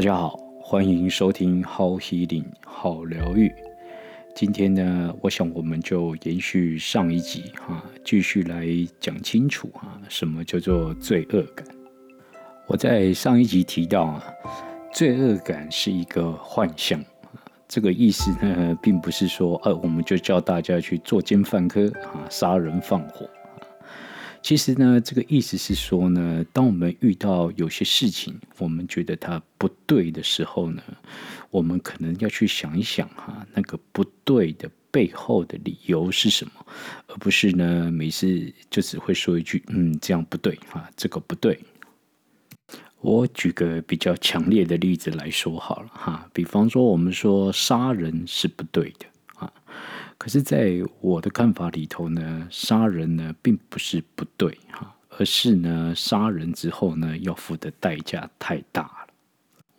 大家好，歡迎收聽 How Healing 好療癒。今天呢，我想我們就延續上一集哈、啊，繼續來講清楚啊，什麼叫做罪惡感？我在上一集提到啊，罪惡感是一個幻象。啊、這個意思呢，並不是說呃、啊、我們就叫大家去作奸犯科啊，殺人放火。其實呢，這個意思是說呢，當我們遇到有些事情，我們覺得它不對的時候呢，我們可能要去想一想哈，那個不對的背後的理由是什麼，而不是呢，每次就只會說一句“嗯，這樣不對啊，這個不對。”我舉個比較強烈的例子來說好了哈，比方說我們說殺人是不對的啊。可是，在我的看法裡頭呢，殺人呢並不是不對哈啊，而是呢，殺人之後呢，要付的代價太大了。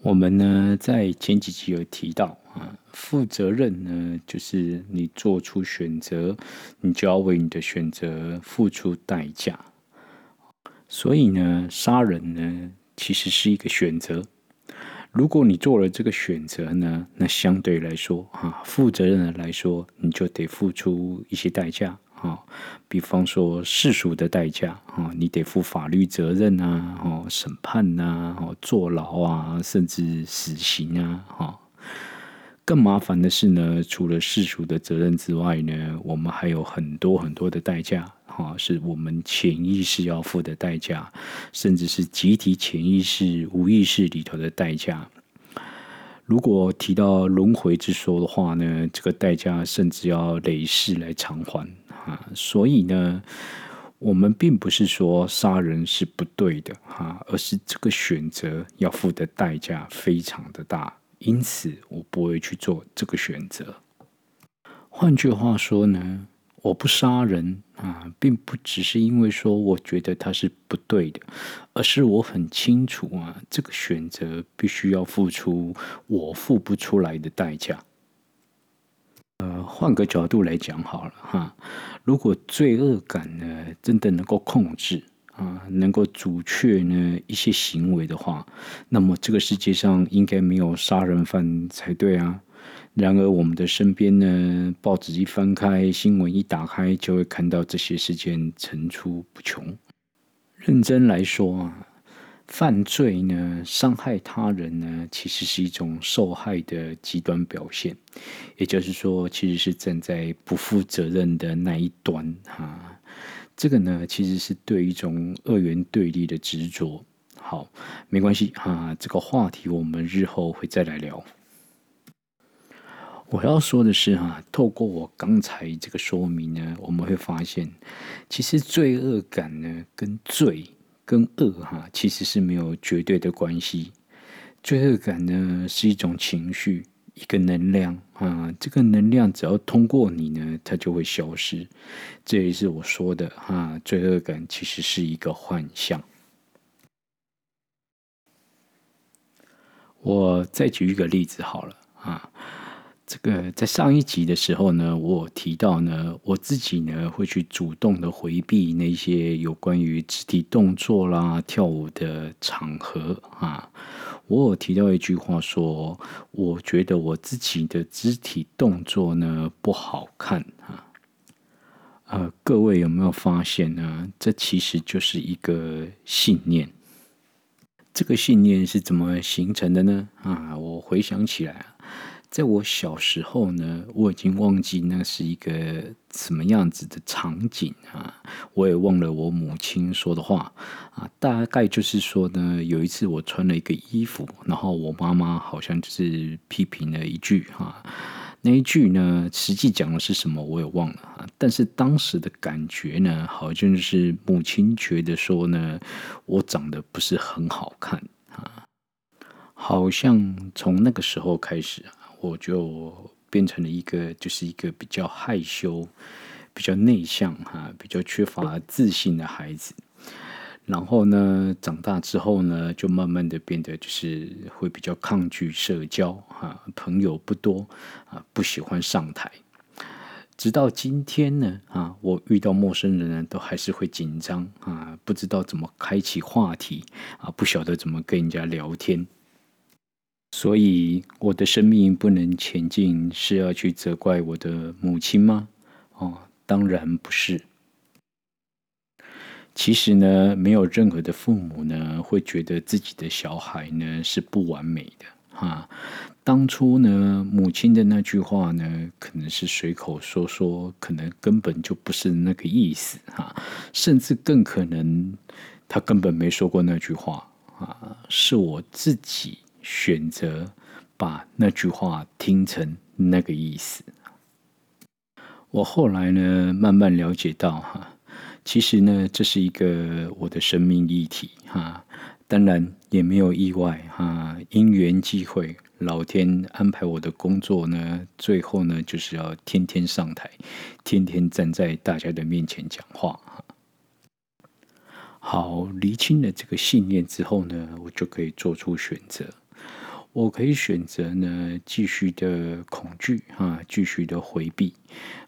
我們呢，在前幾集有提到啊，負責任呢，就是你做出選擇，你就要為你的選擇付出代價。所以呢，殺人呢，其實是一個選擇。如果你做了這個選擇呢，那相對來說啊，負責任的來說，你就得付出一些代價啊、哦。比方說世俗的代價啊、哦，你得負法律責任啊，哦、審判吶、啊，哦，坐牢啊，甚至死刑啊，哈、哦。更麻煩的是呢，除了世俗的責任之外呢，我們還有很多很多的代價。哈，是我們潛意識要付的代價，甚至是集體潛意識、無意識裡頭的代價。如果提到輪迴之說的話呢，這個代價甚至要累世來償還。哈、啊，所以呢，我們並不是說殺人是不對的，哈、啊，而是這個選擇要付的代價非常的大，因此我不會去做這個選擇。換句話說呢，我不殺人啊，並不只是因為說我覺得他是不對的，而是我很清楚啊，這個選擇必須要付出我付不出來的代價。呃，換個角度來講好了哈，如果罪惡感呢，真的能夠控制啊，能夠阻卻呢一些行為的話，那麼這個世界上應該沒有殺人犯才對啊。然而，我們的身邊呢，報紙一翻開，新聞一打開，就會看到這些事件層出不窮。認真來說啊，犯罪呢，傷害他人呢，其實是一種受害的極端表現，也就是說，其實是站在不負責任的那一端哈、啊。這個呢，其實是對一種二元對立的執着。好，沒關係哈、啊，這個話題我們日後會再來聊。我要說的是哈、啊，透過我剛才這個說明呢，我們會發現，其實罪惡感呢，跟罪跟惡哈、啊，其實是沒有絕對的關係。罪惡感呢是一種情緒，一個能量啊，這個能量只要通過你呢，它就會消失。這也是我說的哈、啊，罪惡感其實是一個幻象。我再舉一個例子好了啊。這個在上一集的時候呢，我有提到呢，我自己呢會去主動的回避那些有關於肢體動作啦、跳舞的場合啊。我有提到一句話說，我覺得我自己的肢體動作呢不好看啊。呃，各位有沒有發現呢？這其實就是一個信念。這個信念是怎麼形成的呢？啊，我回想起來。在我小時候呢，我已經忘記那是一個什麼樣子的場景啊，我也忘了我母親說的話啊，大概就是說呢，有一次我穿了一個衣服，然後我媽媽好像就是批評了一句哈，啊，那一句呢，實際講的是什麼我也忘了啊，但是當時的感覺呢，好像就是母親覺得說呢，我長得不是很好看啊，好像從那個時候開始啊。我就變成了一個，就是一個比較害羞，比較內向哈，比較缺乏自信的孩子。然後呢，長大之後呢，就慢慢的變得就是會比較抗拒社交哈，朋友不多啊，不喜歡上台。直到今天呢，啊，我遇到陌生人呢，都還是會緊張啊，不知道怎麼開啟話題啊，不曉得怎麼跟人家聊天。所以我的生命不能前進，是要去責怪我的母親嗎？哦，當然不是。其實呢，沒有任何的父母呢，會覺得自己的小孩呢是不完美的哈。當初呢，母親的那句話呢，可能是隨口說說，可能根本就不是那個意思哈。甚至更可能，她根本沒說過那句話啊，是我自己。選擇把那句話聽成那個意思。我後來呢，慢慢了解到哈，其實呢，這是一個我的生命議題哈。當然也沒有意外哈，因緣際會，老天安排我的工作呢，最後呢，就是要天天上台，天天站在大家的面前講話哈。好，釐清了這個信念之後呢，我就可以做出選擇。我可以選擇呢，繼續的恐懼啊，繼續的回避，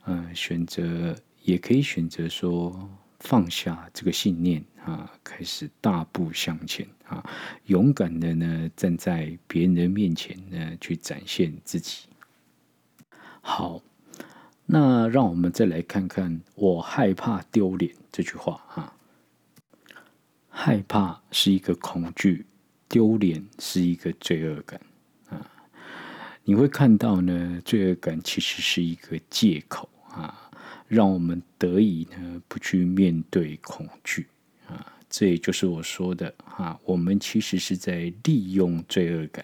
呃，選擇也可以選擇說放下這個信念啊，開始大步向前啊，勇敢的呢站在別人的面前呢去展現自己。好，那讓我們再來看看“我害怕丟臉”這句話啊，害怕是一個恐懼。丟臉是一個罪惡感啊，你會看到呢，罪惡感其實是一個借口啊，讓我們得以呢不去面對恐懼啊。這也就是我說的哈，我們其實是在利用罪惡感，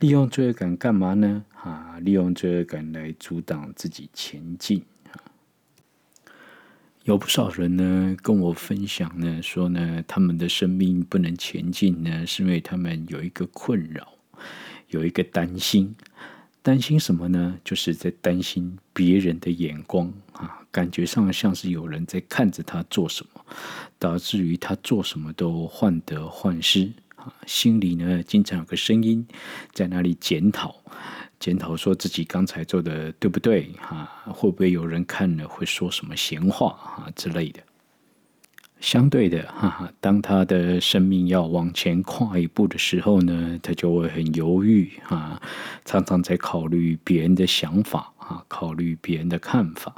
利用罪惡感幹嘛呢？哈，利用罪惡感來阻擋自己前進。有不少人呢，跟我分享呢，說呢，他們的生命不能前進呢，是因為他們有一個困擾，有一個擔心。擔心什麼呢？就是在擔心別人的眼光啊，感覺上像是有人在看着他做什麼，導致於他做什麼都患得患失啊，心裡呢，經常有個聲音在那裡檢討。檢討說自己剛才做的對不對？哈、啊，會不會有人看了會說什麼閒話啊之類的？相對的，哈、啊，當他的生命要往前跨一步的時候呢，他就會很猶豫啊，常常在考慮別人的想法啊，考慮別人的看法。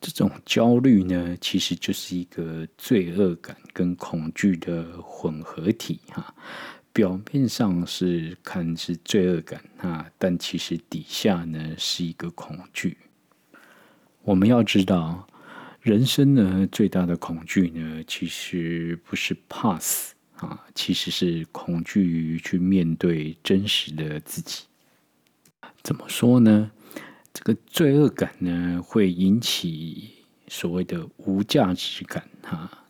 這種焦慮呢，其實就是一個罪惡感跟恐懼的混合體，哈、啊。表面上是看是罪惡感啊，但其實底下呢是一個恐懼。我們要知道，人生呢最大的恐懼呢，其實不是怕死啊，其實是恐懼於去面對真實的自己。怎麼說呢？這個罪惡感呢會引起所謂的無價值感，啊。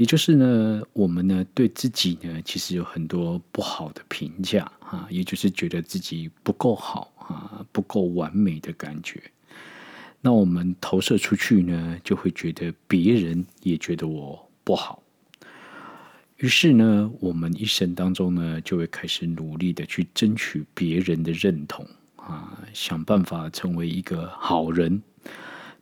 也就是呢，我們呢對自己呢，其實有很多不好的評價啊，也就是覺得自己不夠好啊，不夠完美的感覺。那我們投射出去呢，就會覺得別人也覺得我不好。於是呢，我們一生當中呢，就會開始努力的去爭取別人的認同啊，想辦法成為一個好人，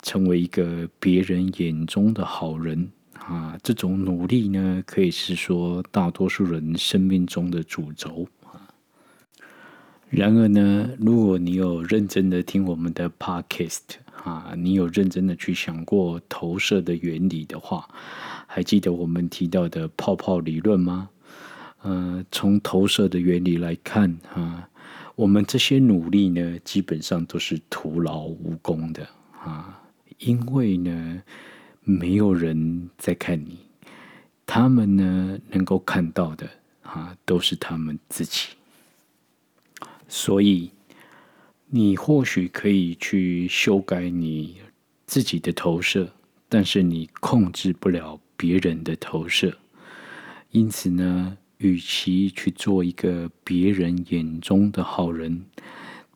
成為一個別人眼中的好人。啊，這種努力呢，可以是說大多數人生命中的主軸啊。然而呢，如果你有認真的聽我們的 podcast 啊，你有認真的去想過投射的原理的話，還記得我們提到的泡泡理論嗎？呃，從投射的原理來看啊，我們這些努力呢，基本上都是徒勞無功的啊，因為呢。沒有人在看你，他們呢，能夠看到的啊，都是他們自己。所以，你或許可以去修改你自己的投射，但是你控制不了別人的投射。因此呢，與其去做一個別人眼中的好人，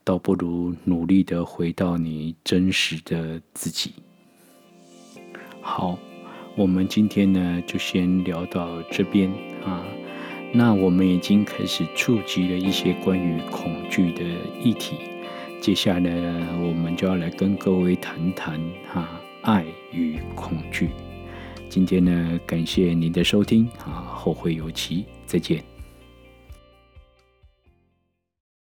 倒不如努力地回到你真實的自己。好，我們今天呢就先聊到這邊啊。那我們已經開始觸及了一些關於恐懼的議題。接下來呢，我們就要來跟各位談談啊愛與恐懼。今天呢，感謝您的收聽啊，後會有期，再見。